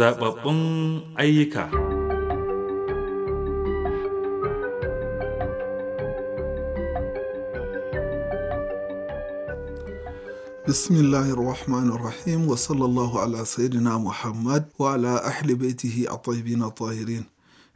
zababbun ayyuka بسم الله الرحمن الرحيم وصلى الله على سيدنا محمد وعلى أهل بيته الطيبين الطاهرين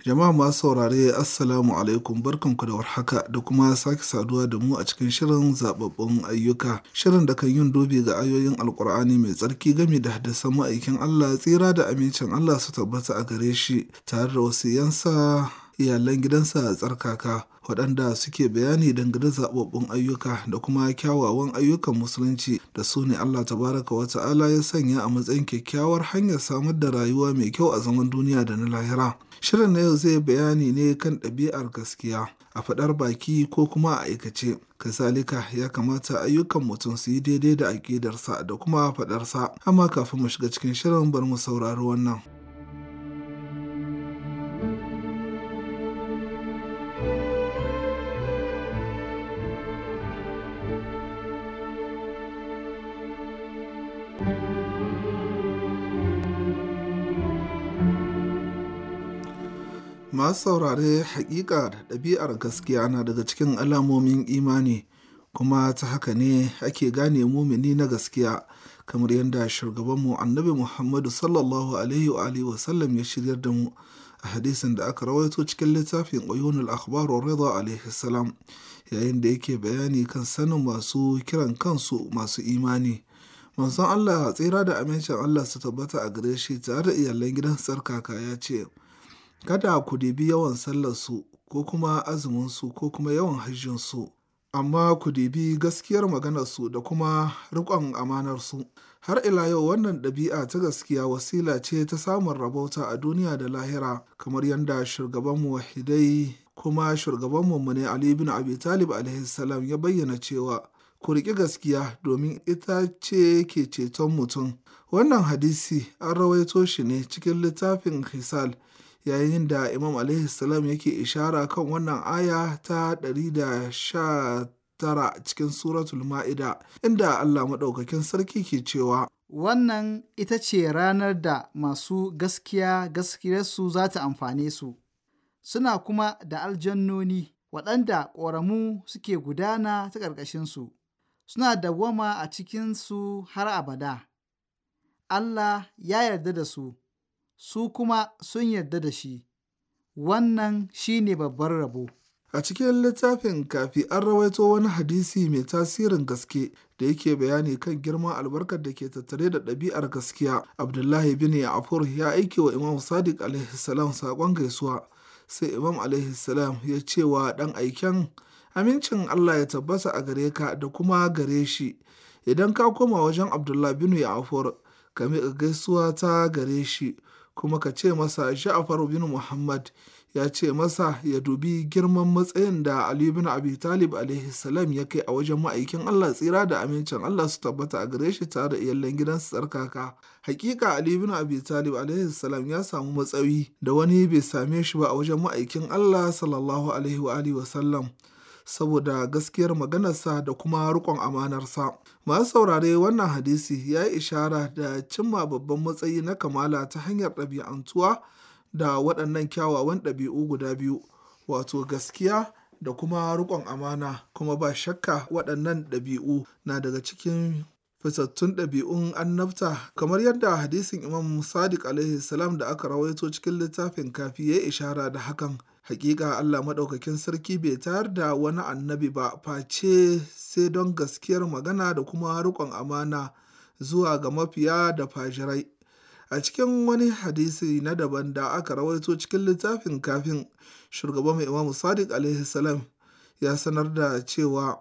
Jama'a masu saurare Assalamu alaikum barkanku da warhaka da kuma sake saduwa da mu a cikin shirin zababbun ayyuka. Shirin da kan yin dubi ga ayoyin Alkur'ani mai tsarki game da hadisan ma'aikin Allah tsira da amincin Allah su tabbata a gare shi tare da wasu yansa iyalan gidansa tsarkaka waɗanda suke bayani dangane zaɓaɓɓun ayyuka da kuma kyawawan ayyukan musulunci da su ne Allah tabaraka wa ta'ala ya sanya a matsayin kyakkyawar hanyar samar da rayuwa mai kyau a zaman duniya da na lahira. Shirin na yau zai bayani ne kan ɗabi'ar gaskiya a faɗar baki ko kuma a aikace. Kasalika ya kamata ayyukan mutum su yi daidai da aƙidarsa da kuma faɗarsa. Amma kafin mu shiga cikin shirin bar mu saurari wannan. masu saurare hakika da ɗabi'ar gaskiya na daga cikin alamomin imani kuma ta haka ne ake gane mumini na gaskiya kamar yadda shugabanmu annabi muhammadu sallallahu alaihi wa wasallam ya shiryar da mu a hadisin da aka rawaito cikin littafin oyonul akhbaru rida alaihi salam yayin da yake bayani kan sanin masu kiran kansu masu imani Manzon Allah tsira da amincin Allah su tabbata a gare shi tare da iyalan gidan tsarkaka ya ce, Kada ku dibi yawan sallarsu ko kuma azuminsu ko kuma yawan hajjinsu, amma ku dibi gaskiyar maganarsu da kuma riƙon amanarsu. Har ila yau wannan ɗabi'a ta gaskiya wasila ce ta samun rabauta a duniya da lahira, kamar yadda shugaban wahidai kuma shugaban mu ne Ali bin Abi Talib alaihi salam ya bayyana cewa ku riƙi gaskiya domin ita ce ke ceton mutum. Wannan hadisi an rawaito shi ne cikin littafin Hisal yayin da Imam alaihi salam yake ishara kan wannan aya ta 119 cikin suratul ma'ida inda Allah maɗaukakin sarki ke cewa Wannan ita ce ranar da masu gaskiya gaskiyarsu za ta amfane su, suna kuma da aljannoni waɗanda ƙoramu suke gudana ta ƙarƙashinsu. suna dawwama a cikinsu har abada. Allah ya yarda da su, su kuma sun yarda da shi, wannan shi ne babban rabo. A cikin littafin kafi an rawaito wani hadisi mai tasirin gaske da yake bayani kan girman albarkar da ke tattare da ɗabi'ar gaskiya. Abdullahi bin Ya'afur ya aike wa Imam Sadiq alaihi salam saƙon gaisuwa. Sai Imam alaihi salam ya ce wa ɗan aiken Amincin Allah ya tabbasa a gare ka da kuma gare shi. Idan ka koma wajen Abdullah bin yafar ka miƙa gaisuwa ta gare shi, kuma ka ce masa Ja'far bin Muhammad ya ce masa ya dubi girman matsayin da Ali bin Abi Talib alaihi salam ya kai a wajen ma'aikin Allah tsira da amincin Allah su tabbata a gare shi tare da iyallen gidansu tsarkaka. Hakika Ali bin Abi Talib alaihi salam ya samu matsayi da wani bai same shi ba a wajen ma'aikin Allah sallallahu alaihi wa alihi wa sallam. saboda gaskiyar maganarsa da kuma riƙon amanarsa. Masu saurare wannan hadisi ya yi ishara da cimma babban matsayi na kamala ta hanyar ɗabi'antuwa da waɗannan kyawawan ɗabi'u guda biyu, wato gaskiya da kuma riƙon amana, kuma ba shakka waɗannan ɗabi'u na daga cikin fitattun ɗabi'un annabta kamar yadda hadisin imam sadiq alaihi salam da aka rawaito cikin littafin kafi ya ishara da hakan Hakika Allah maɗaukakin sarki bai tayar da wani annabi ba face sai don gaskiyar magana da kuma riƙon amana zuwa ga mafiya da fajirai. A cikin wani hadisi na daban da aka rawaito cikin littafin kafin shugaban mai Imamu Sadiq alaihi ya sanar da cewa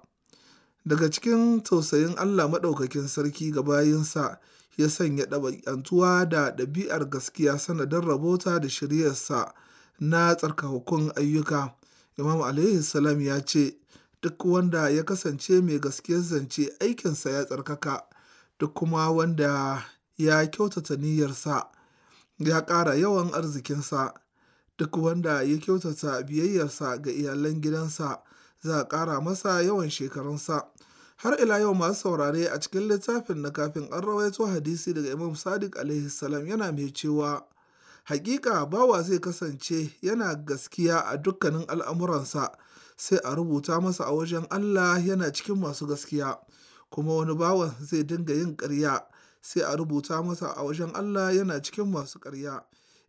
daga cikin tausayin Allah maɗaukakin sarki ga bayinsa ya sanya ɗabi'antuwa da ɗabi'ar gaskiya sanadin rabota da shiryarsa na tsarkakakun ayyuka imam alayhi salam ya ce duk wanda ya kasance mai gaskiyar zance aikinsa ya tsarkaka duk kuma wanda ya kyautata niyyarsa ya ƙara yawan arzikinsa duk wanda ya kyautata biyayyarsa ga iyalan gidansa za a ƙara masa yawan shekarunsa har ila yau masu saurare a cikin littafin na kafin an rawaito hadisi daga imam sadiq alaihi salam yana mai cewa Hakika bawa zai kasance yana gaskiya a dukkanin al'amuransa, sai a rubuta masa a wajen Allah yana cikin masu gaskiya, kuma wani bawan zai dinga yin ƙarya, sai a rubuta masa a wajen Allah yana cikin masu ƙarya.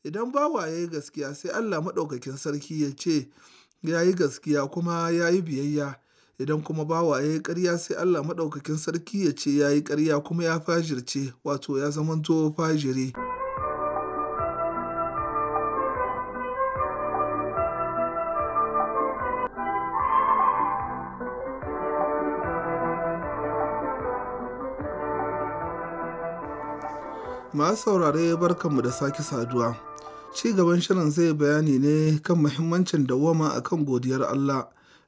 Idan bawa ya yi gaskiya sai Allah Maɗaukakin Sarki ya ce ya yi gaskiya kuma ya yi biyayya, idan kuma bawa ya yi ƙarya sai Allah Maɗaukakin Sarki ya ce ya yi ƙarya kuma ya fajirce, wato ya zamanto fajiri. masu saurare barkanmu da sake saduwa ci gaban shirin zai bayani ne kan muhimmancin a kan godiyar Allah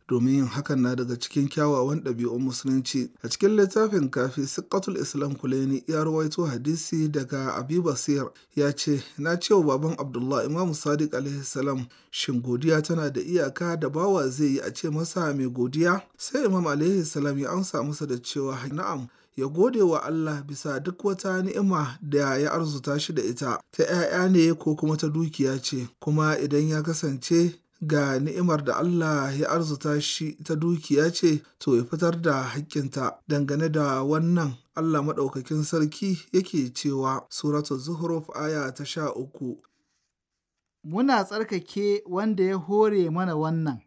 domin yin hakan na daga cikin kyawawan ɗabi'un musulunci a cikin littafin kafi siqatul islam kulaini ya rawaito hadisi daga abi basir ya ce na ce wa baban abdullah Imam sadiq alaihi salam shin godiya tana da iyaka da bawa zai yi a ce masa mai godiya sai imam alaihi salam ya amsa masa da cewa na'am ya gode wa Allah bisa duk wata ni'ima da ya arzuta shi da ita, ta ‘ya'ya ne ko kuma ta dukiya ce, kuma idan ya kasance ga ni'imar da Allah ya arzuta shi ta dukiya ce, to ya fitar da hakkinta dangane da wannan Allah maɗaukakin sarki yake cewa Suratu Zuhruf aya ta sha uku. Muna tsarkake wanda ya hore mana wannan,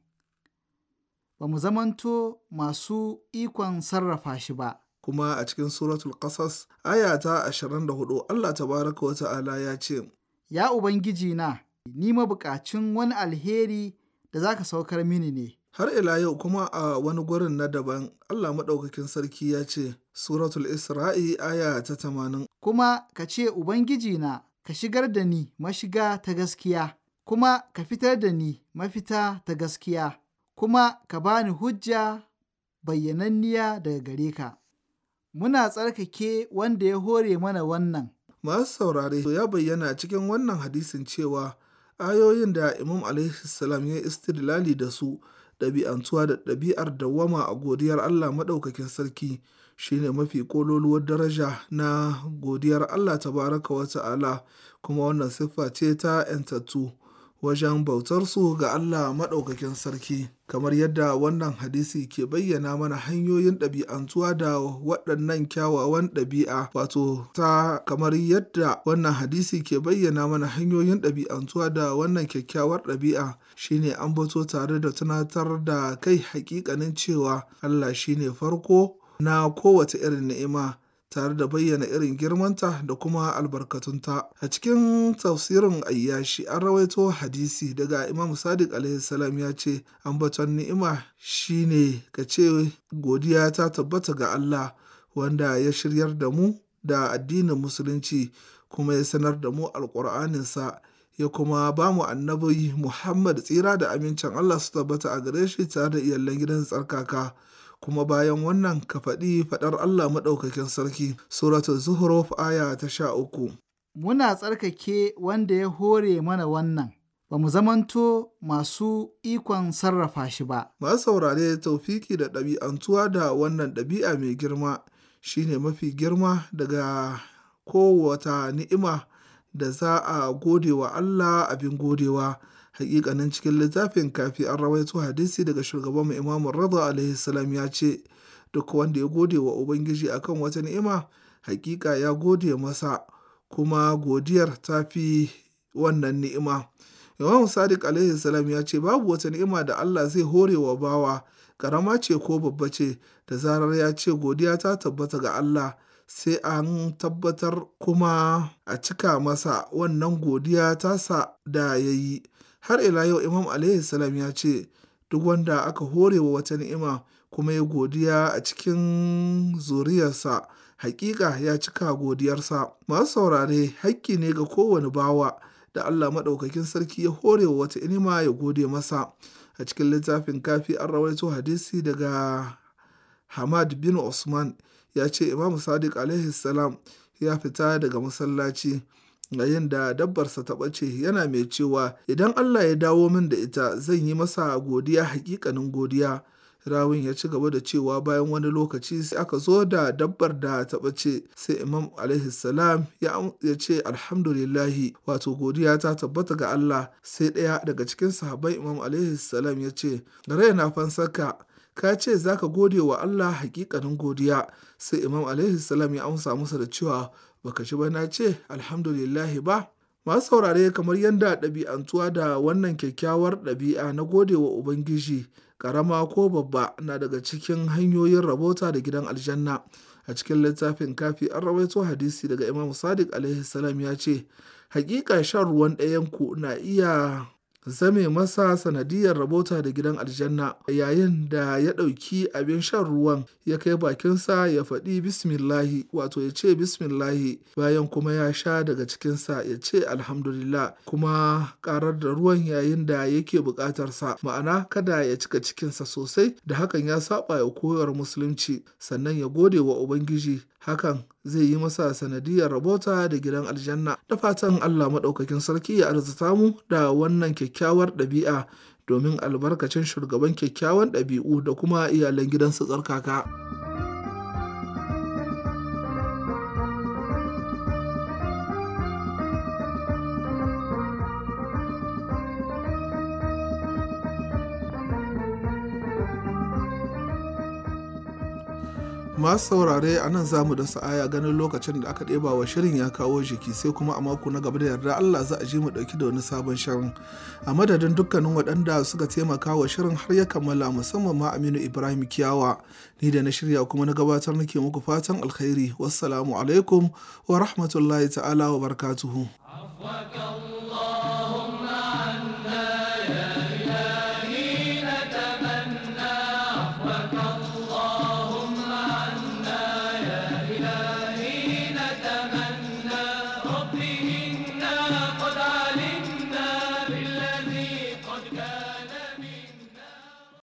ba mu zamanto masu ikon sarrafa shi ba. kuma a cikin suratul ƙasas aya ta hudu, Allah tabaraka wa ta'ala ya ce ya ubangiji na ni mabukacin wani alheri da za ka saukar mini ne har ila yau kuma a wani gurin na daban Allah maɗaukakin sarki ya ce suratul isra'i aya ta 80 kuma ka ce ubangiji na ka shigar da ni mashiga ta gaskiya kuma ka fitar da ni mafita ta gaskiya kuma ka bani hujja bayyananniya daga gare ka muna tsarkake wanda ya hore mana wannan. Masu saurare ya bayyana cikin wannan hadisin cewa ayoyin da Imam salam ya istidlali da su ɗabi'antuwa da ɗabi'ar dawwama a godiyar Allah maɗaukakin sarki shine mafi kololuwar daraja na godiyar Allah tabaraka wa ta'ala kuma wannan siffa ce ta ‘yantattu. wajen bautarsu ga Allah maɗaukakin sarki, kamar yadda wannan hadisi ke bayyana mana hanyoyin ɗabi'antuwa da waɗannan kyawawan ɗabi'a, wato ta kamar yadda wannan hadisi ke bayyana mana hanyoyin ɗabi'antuwa da wannan kyakkyawar ɗabi'a shine an bato tare da tunatar da kai hakikanin cewa Allah shine farko na kowace irin ni'ima. tare da bayyana irin girmanta da kuma albarkatunta. A cikin tafsirin ayyashi an rawaito hadisi daga Imam Sadiq alaihi ya ce, Ambaton ni'ima shine ka ce godiya ta tabbata ga Allah wanda ya shiryar da mu da addinin musulunci kuma ya sanar da mu al'kur'aninsa ya kuma ba mu annabi Muhammad tsira da amincin Allah su tabbata a gare shi tare da iyalan gidan tsarkaka. kuma bayan wannan ka faɗi faɗar Allah maɗaukakin sarki suratul zuhruf aya ta sha uku. Muna tsarkake wanda ya hore mana wannan, ba mu zamanto masu ikon sarrafa shi ba. Ba saurare taufiki da ɗabi'antuwa da wannan ɗabi'a mai girma shine mafi girma daga kowata ni'ima da za a gode wa Allah abin godewa. hakikanin cikin littafin kafi an rawaito hadisi daga shugaban mu imamu rada alaihi salam ya ce duk wanda ya gode wa ubangiji akan wata ni'ima hakika ya gode masa kuma godiyar ta fi wannan ni'ima imamu sadiq alaihi salam ya ce babu wata ni'ima da allah zai hore wa bawa karama ce ko babba ce da zarar ya ce godiya ta tabbata ga allah sai an tabbatar kuma a cika masa wannan godiya sa da ya yi har ila yau imam alayhi salam ya ce duk wanda aka hore wa wata ni'ima kuma ya godiya a cikin zuriyarsa hakika ya cika godiyarsa masu saurare hakki ne ga kowane bawa da Allah maɗaukakin sarki ya hore wa wata inima ya gode masa a cikin littafin kafi an rawaito hadisi daga hamad bin usman ya ce imam sadiq alaihi salam ya fita daga masallaci yayin da dabbarsa ta ɓace yana mai cewa idan Allah ya dawo min da ita zan yi masa godiya hakikanin godiya rawin ya ci gaba da cewa bayan wani lokaci sai aka zo da dabbar da ta ɓace sai imam salam ya ce alhamdulillahi wato godiya ta tabbata ga Allah sai ɗaya daga cikin sahabbai imam salam ya ce raina fansarka ka ce za ka gode wa Allah hakikanin godiya sai imam alaihi ya amsa musa da cewa baka ci ba na ce alhamdulillah ba masu saurare kamar yadda ɗabi'antuwa da wannan kyakkyawar ɗabi'a na gode wa ubangiji karama ko babba na daga cikin hanyoyin rabota da gidan aljanna a cikin littafin kafi an rawaito hadisi daga imam sadiq alaihi ya ce hakika shan ruwan ku na iya Zame masa sanadiyar rabota da gidan aljanna yayin da ya ɗauki abin shan ruwan ya kai bakinsa ya faɗi bismillahi wato ya ce bismillahi bayan kuma ya sha daga cikinsa ya ce alhamdulillah kuma karar da ruwan yayin da yake buƙatarsa ma'ana kada ya cika cikinsa sosai da hakan ya saba ya koyar musulunci sannan ya gode wa ubangiji hakan zai yi masa sanadiyar rabota da gidan aljanna da fatan Allah maɗaukakin sarki ya arzuta mu da wannan kyakkyawar ɗabi'a domin albarkacin shugaban kyakkyawan ɗabi'u da kuma iyalan gidansa tsarkaka. masu saurare a nan za mu da sa'aya ganin lokacin da aka ɗeba wa shirin ya kawo jiki sai kuma a mako na gaba da yarda Allah za a je mu ɗauki da wani sabon shirin a madadin dukkanin waɗanda suka taimaka wa shirin har ya kammala musamman ma Aminu Ibrahim Kiyawa ni da na shirya kuma na gabatar nake muku fatan alkhairi wassalamu alaikum wa rahmatullahi ta'ala wa barakatuhu